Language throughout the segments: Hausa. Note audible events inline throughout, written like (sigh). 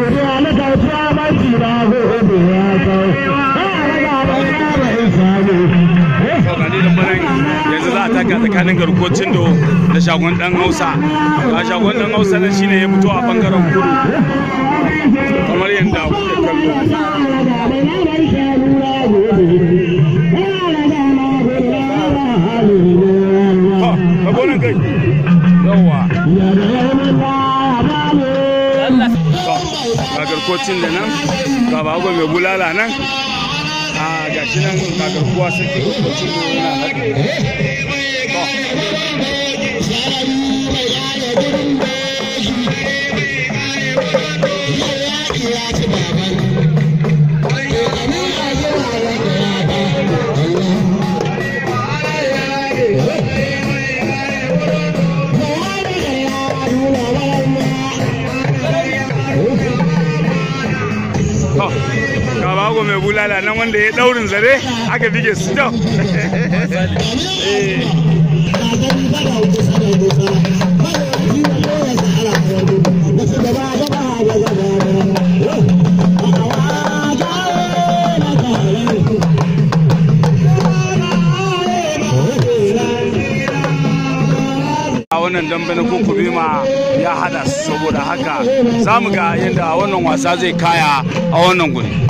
Duniya na kauta mafi na gobe ya kau. yanzu za a taka tsakanin garkocin do da shagon dan hausa a shagon dan hausa na shine ya fito a bangaren kudu kamar yadda kuke kallo kocin da nan ga bago mai bulala nan a gashi nan ga garkuwa sake kocin da yana wanda ya daurin zare aka bige su da wannan dambe na kunkubima ya hada saboda haka za mu ga yadda wannan wasa zai kaya a wannan guri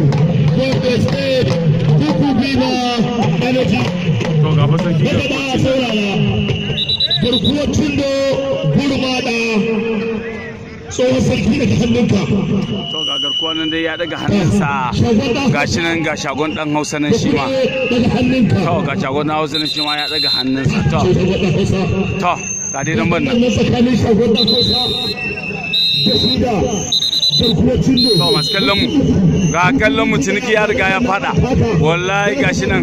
wanda state kuku biba energy gurma da tsohon sarki nan dai ya daga hannunsa gashi nan ga shagon dan hausa nan shi ma to ga shagon dan hausa nan shi ma ya daga hannunsa to to ga dai ban nan to masu kallon mu ga kallon mu ciniki ya riga ya fada wallahi gashi nan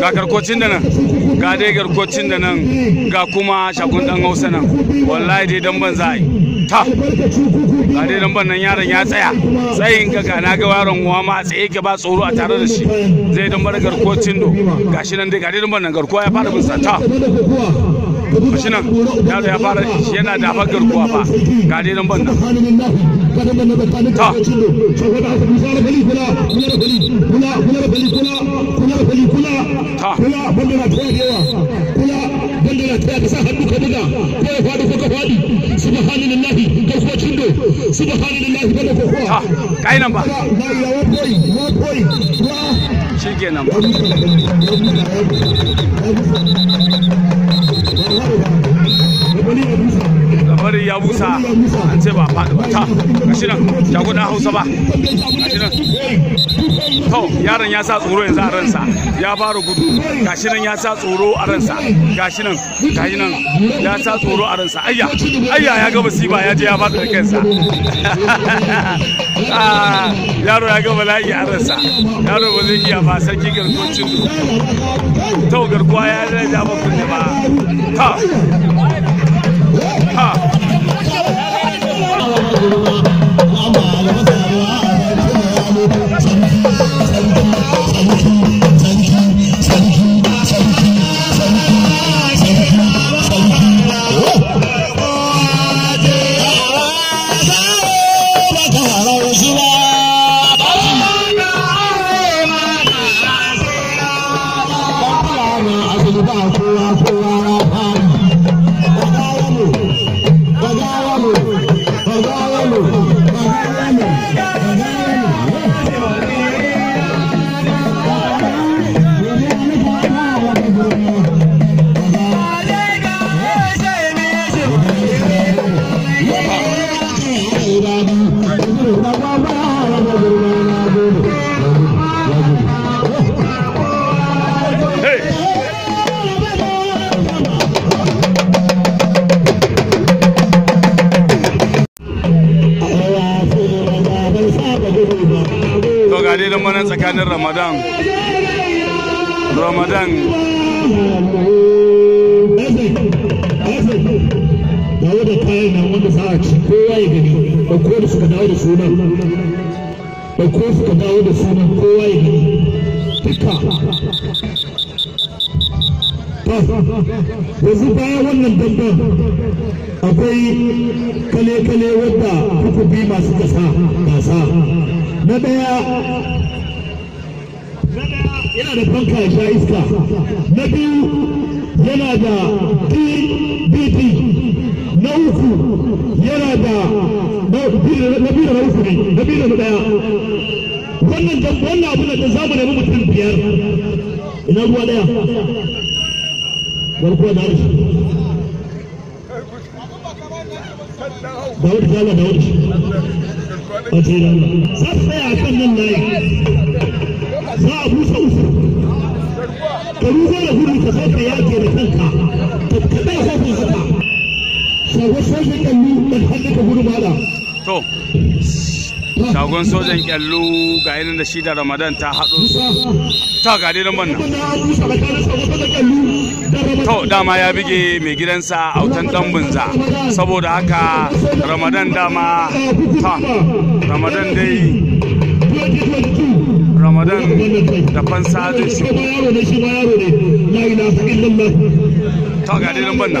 ga garkocin da nan ga dai garkocin da nan ga kuma shagun dan hausa nan wallahi dai dan ban za ta ga dai dan ban nan yaron ya tsaya tsayin ka ga na ga yaron uwa ma tsaye ke ba tsoro a tare da shi zai dan bar garkocin do gashi nan dai ga dai dan ban nan garkuwa ya fara bin sa ta shi nan ya zo ya fara yana da haɓar ba ga dai nan banna ta ta bandana ta ka nan ba ya busa an ce ba faɗi ba ta gashi nan jagoda hausa ba gashi nan to yaron ya sa tsoro yanzu a ransa ya fara gudu gashi nan ya sa tsoro a ransa gashi nan gashi nan ya sa tsoro a ransa ayya ayya ya ga musiba ya je ya faɗi da kansa (laughs) ah, yaro ya ga bala'i a ransa yaro ba zai iya ba sarki garkuwar cin to garkuwa ya zai ba ba ta I'm ga dai tsakanin ramadan ramadan dawo da kayan nan wanda za a ci kowa ya gani da ko da suka dawo da sunan da ko suka dawo da sunan kowa ya gani duka yanzu bayan wannan dandan akwai kale-kale wadda kuka bi masu gasa gasa na daya yana da fanka ya sha iska na biyu yana da dbt na uku yana da na biyu da na uku ne na biyu da na daya wannan wannan abu da za mu nemi mutum biyar ina ruwa daya garkuwa da harshe da wata da wata wato da Allah za kan nan layi za a busa usu ka ruzo da gudu ka sauka yaƙi da kanka ka kaɗa sauƙin haka shagwashon shi kallu da hannun ka gudu mala to shagon sojan kyallo ga yanin da shi da ramadan ta su ta ga dai banna. to dama ya bige mai gidansa a wutan dan bunza saboda haka ramadan dama ta ramadan dai ramadan da fansa ajin shi ta ga dai banna.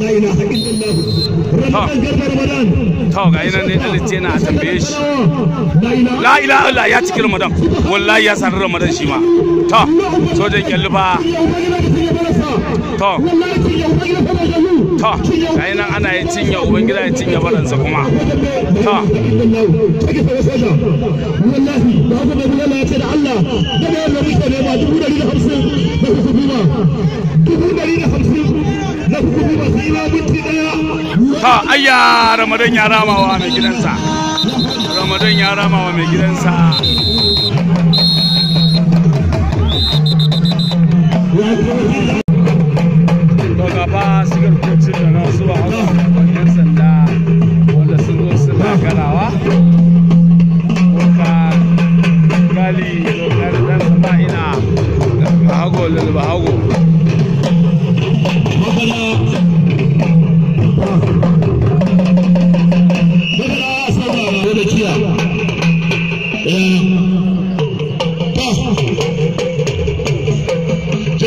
la ilaha illallah ga yana ne dalil ce na tambaye shi la ilaha ya ciki ramadan wallahi ya san ramadan shi ma to sojan kyalli fa to to ga yana ana yi cinya ubangida ya cinya baransa kuma to da Allah da ha ayya ramadan ya ramawa mai gidansa ramadan ya ramawa mai gidansa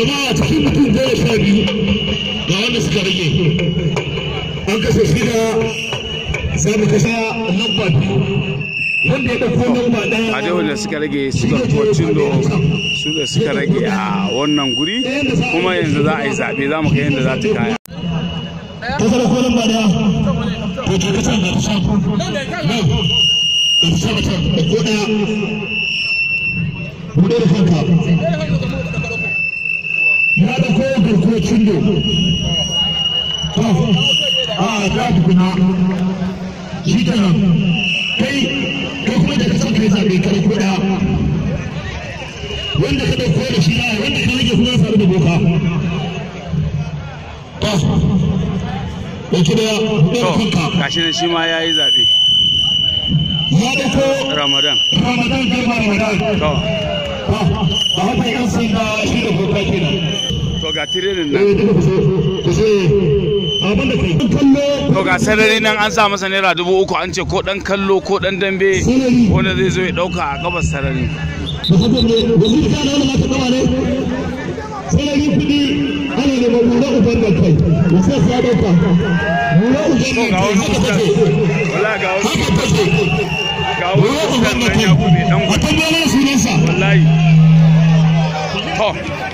jama'a cikin mutum goma sha biyu rage an kashe shida za mu kashe a da suka rage suka fito su da suka rage a wannan guri kuma yanzu za a yi zaɓe za mu ga yadda za ta kaya ta ko lamba ɗaya to ke kasar da ta shafu nan da ta shafu ko ɗaya buɗe da kanka ya da kowa garkuwa cindo a ga tukuna shi ta kai kai kuma da kasan kai zaɓe kai kuɗa wanda ka ɗauko da shi wanda ka rage kuma faru da boka to ɗauki da ɗaukanka gashi nan shi ya yi zaɓe ya ɗauko ramadan ramadan girma ramadan to a haka yan sanda shi da boka kenan to ga tirenin nan eh, to ga sarari nan an sa masa naira dubu uku an ce ko dan kallo ko dan dambe wanda zai zo ya dauka a gabar sarari ya ga ya kube dan wallahi to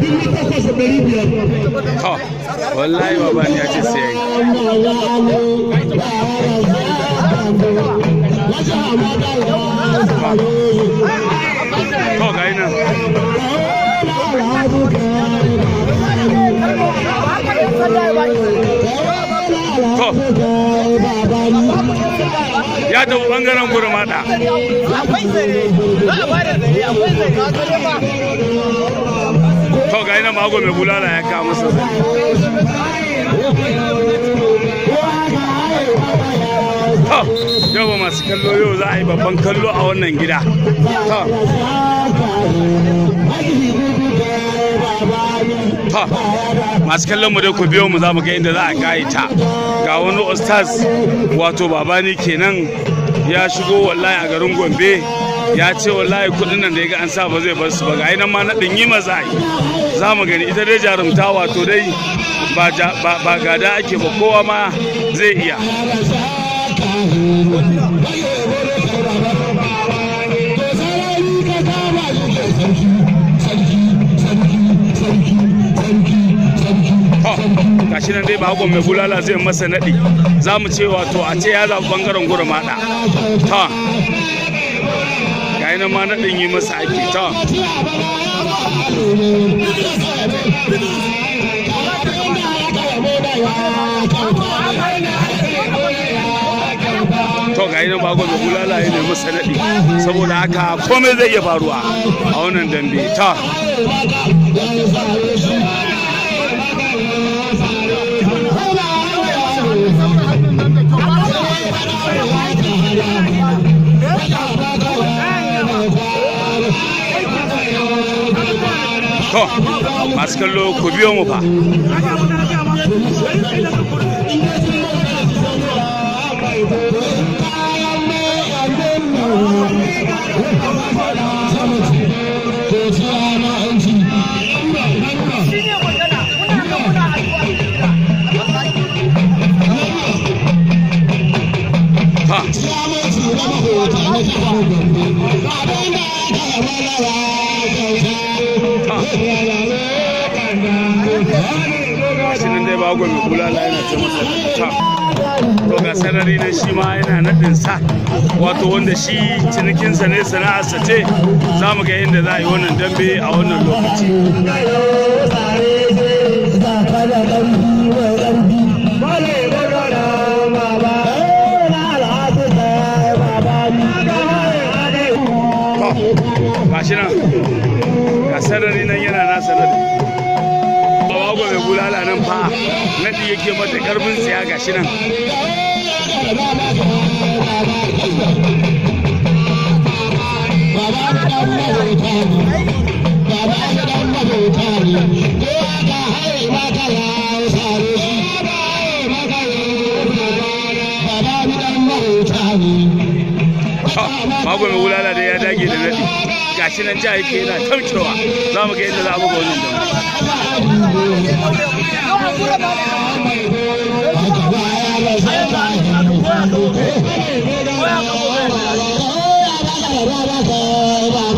dubu takwas da ɗari biyar. wallahi baba ya ce sai ga yi ya tafi Akwai zare, zare, akwai zare. to ga ina mago mai bulala ya kawo masa to yau masu kallo yau za a yi babban kallo a wannan gida to masu kallon mu dai ku mu za mu ga inda za a kayita ga wani ostaz wato babani kenan ya shigo wallahi a garin gombe ya ce wallahi kudin nan da ya ga an sa ba zai bar su ba ga ainihin ma na dinyi maza za mu gani ita dai jarumta wato dai ba gada ake ba kowa ma zai iya gashi nan dai ba hagon mai bulala zai masa naɗi za mu ce wato a ce ya zaɓi ɓangaren gurmaɗa ta ga ma naɗin yi masa ake ta to ga yana ba gobe bulala ya nemi sanadi saboda haka komai zai iya faruwa a wannan dambe ta to masu kallo ku biyo mu fa Ha! shi nan dai bago mai bulala yana ce masa ta to ga sarari nan shi ma yana nadin sa wato wanda shi cinikinsa ne sana'arsa ce za mu ga inda za a yi wannan dambe a wannan lokaci ga nan ga sarari nan yake mata karfin ga gashi nan Baba (laughs) mago mai wulala da ya dage da nadi gashi nan ja yake yana kaucewa za mu ga yadda za a buga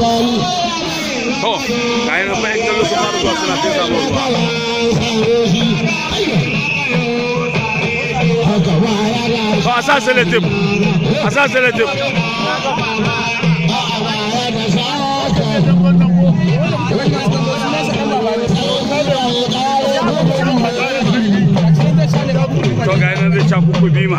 wannan To, ga yana fa yan kallo su fara zuwa suna ruwa. To, a sa seletif, a sa to ga yanar zai ca kuku bima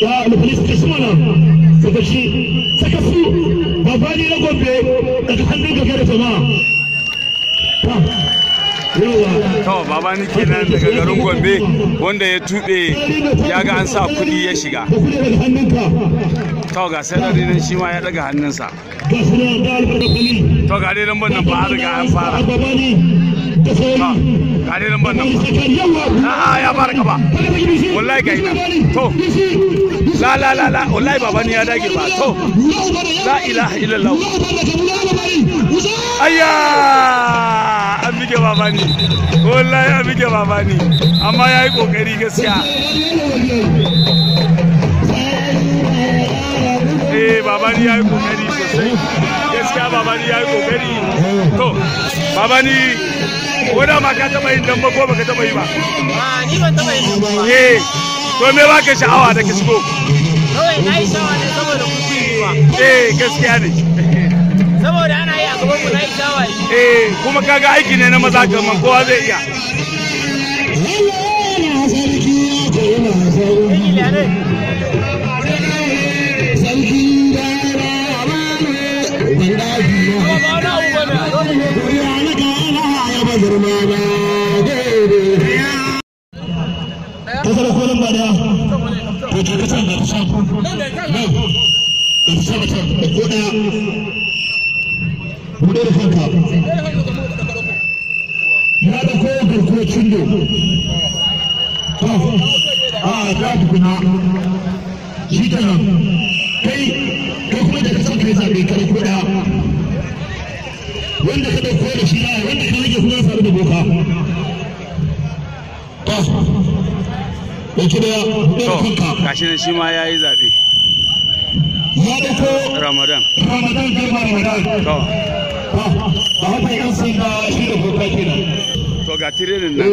da alfalis ismana shi saka su na daga hannun gaba da jama'a to kenan daga garin gombe wanda ya tube ya ga an sa kudi ya shiga to ga sanari nan shi ma ya daga hannunsa to ga dai nan ban nan ba riga fara ga dai nan ban nan a'a ya fara kaba wallahi ga ina to la la la la wallahi baba ni ya dage ba to la ilaha illallah ayya an bige baba ni wallahi an bige baba ni amma yayi kokari gaskiya eh babani ya yi kokari sosai gaskiya babani ya yi kokari to babani ko da ma ka taba yin dambe ko baka taba yi ba a ni ban taba yin dambe ba eh to me ba ka sha'awa da kisko kawai na yi sha'awa ne saboda kuskure eh gaskiya ne saboda ana yi a gaban mu na yi sha'awa eh kuma kaga aiki ne na maza kaman kowa zai iya Thank you. to gashi nan shi ma yi zaɓe ramadan ramadan zai ba ramadan to haka shi da kuka kenan to ga tirenin nan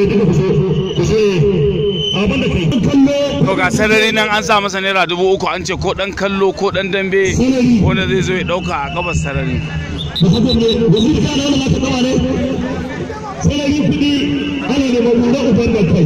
eh, sarari nan an sa masa naira dubu uku an ce ko dan kallo ko dan dambe wanda zai zo ya dauka a gabas sarari sarari ana neman uban da kai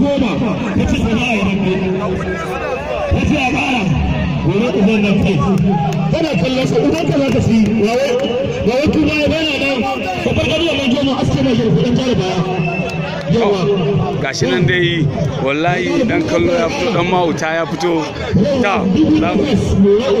goma ta ce ta za a yi dambe ta uban nan kai tana kallon sa uban ka za ka ci ba wai ba wai kuma nan ka farkar da manjo aske mai shirku dan tare baya gashi nan dai wallahi dan kallo ya fito dan mahauta ya fito ta za mu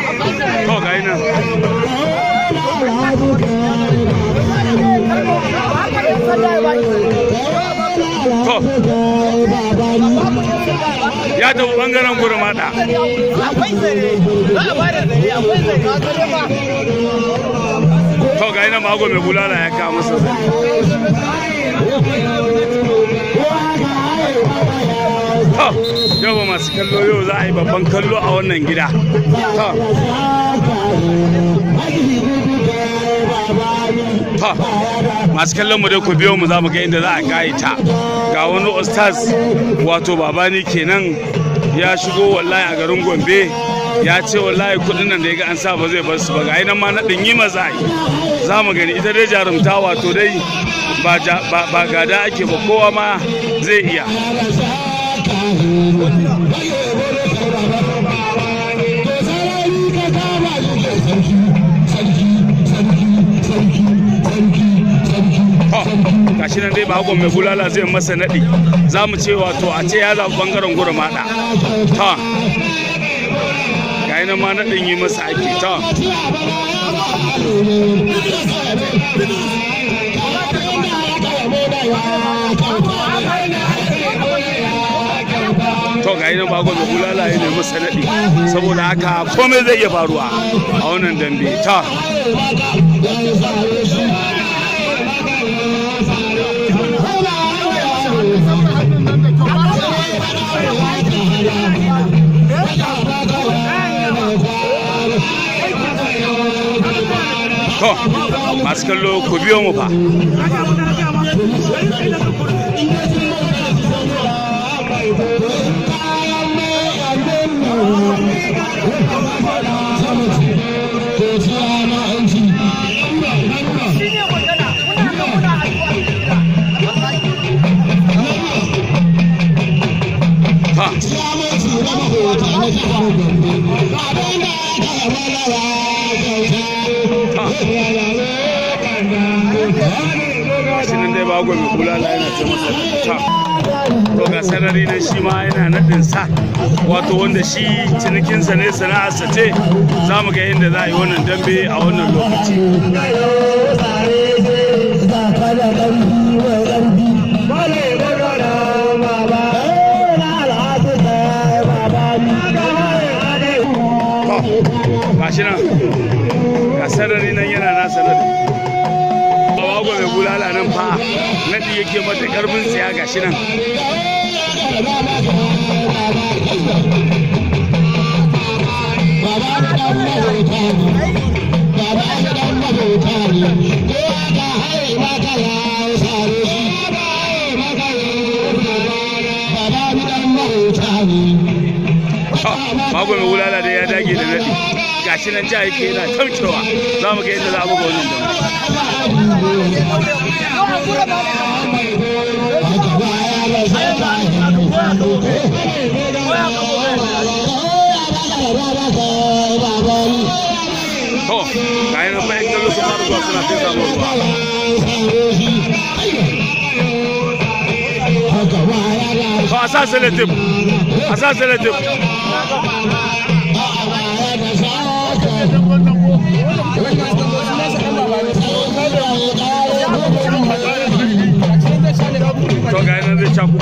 ta tafi bangaren gurmada akwai za a to ga ina mago mai bulala ya kawo masa zare yau masu kallo yau za a yi babban kallo a wannan gida masu kallon mu dai ku biyo mu za mu ga inda za a kayita ga wani ustaz wato babani kenan ya shigo wallahi a garin gombe ya ce wallahi kudin nan da ya ga an sa ba zai bar su ba ga ma na yi maza za mu gani ita dai jarumta wato dai ba gada ake ba kowa ma zai iya gashi nan dai bakon mai bulala zai masa naɗi za mu ce wato a ce ya zaɓi ɓangaren gurmaɗa ta gayi nan ma naɗin yi masa ake ta to ga nan bago da bulala ne masa nadi saboda haka komai zai iya faruwa a wannan dambe ta to masu kallo ku biyo mu fa bago mai bulala yana shi ma yana nadin sa wato wanda shi cinikinsa ne sana'arsa ce za ga inda za a yi wannan dambe a wannan lokaci ga sarari nan nan fa nadi yake mata karfin siya gashi nan Baba da dan mabota ne, kowa ka haye maka mago mai wulala da ya dage da nadi gashi nan ja yake yana tamcewa za mu ga yadda za a buga wannan To, ga yana fa'in kallo su ma da suna kai samun ruwa. a sa seletif a sa seletif to ga yanar da cakun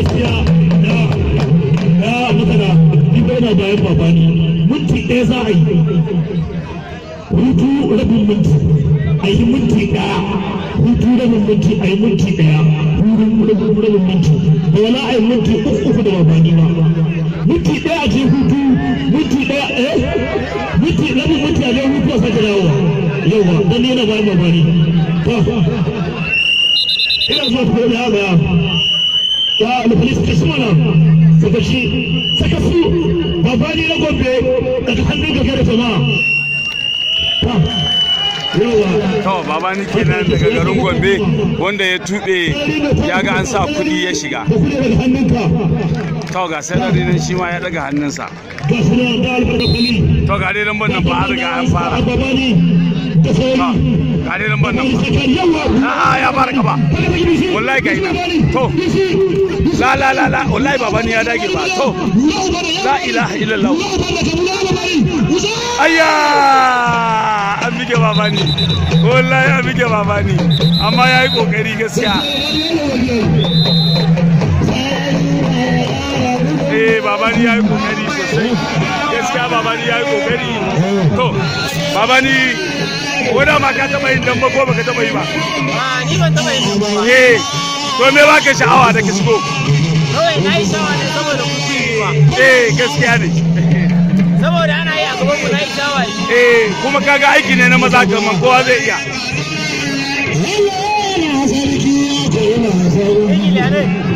gaskiya na na masana ni bai na bayan babani minti ɗaya za a yi hutu rabin minti a yi minti ɗaya hutu rabin minti a yi minti ɗaya hutu rabin minti da wala a yi minti uku da babani ba minti ɗaya a je hutu minti ɗaya eh minti rabin minti a je hutu a sake dawowa yawa dan yana bayan babani to ina so ku da haka da alfalis kasmana daga daga hannun gaba da To kenan daga garin Gombe wanda ya tuɓe ya ga an sa kuɗi ya shiga. To ga sanari nan shi ma ya daga hannunsa. To ga dai nan nan ba riga an fara. kare nan ban nan a'a ya fara kafa wallahi ga ina to la la la la wallahi baba ni ya dage ba to la ilaha illallah ayya an bige baba ni wallahi an bige baba ni amma yayi kokari gaskiya eh babani ya yi kokari sosai gaskiya babani ya yi kokari to babani ko da ma ka taba yin dambe ko baka taba yi ba a ah, ni ban taba yin dambe ba eh to me baka sha'awa da kisko kawai na yi sha'awa ne saboda kusurwa eh gaskiya ne saboda ana yi a gaban mu na yi sha'awa eh kuma kaga aiki ne na maza kaman kowa zai iya Thank you.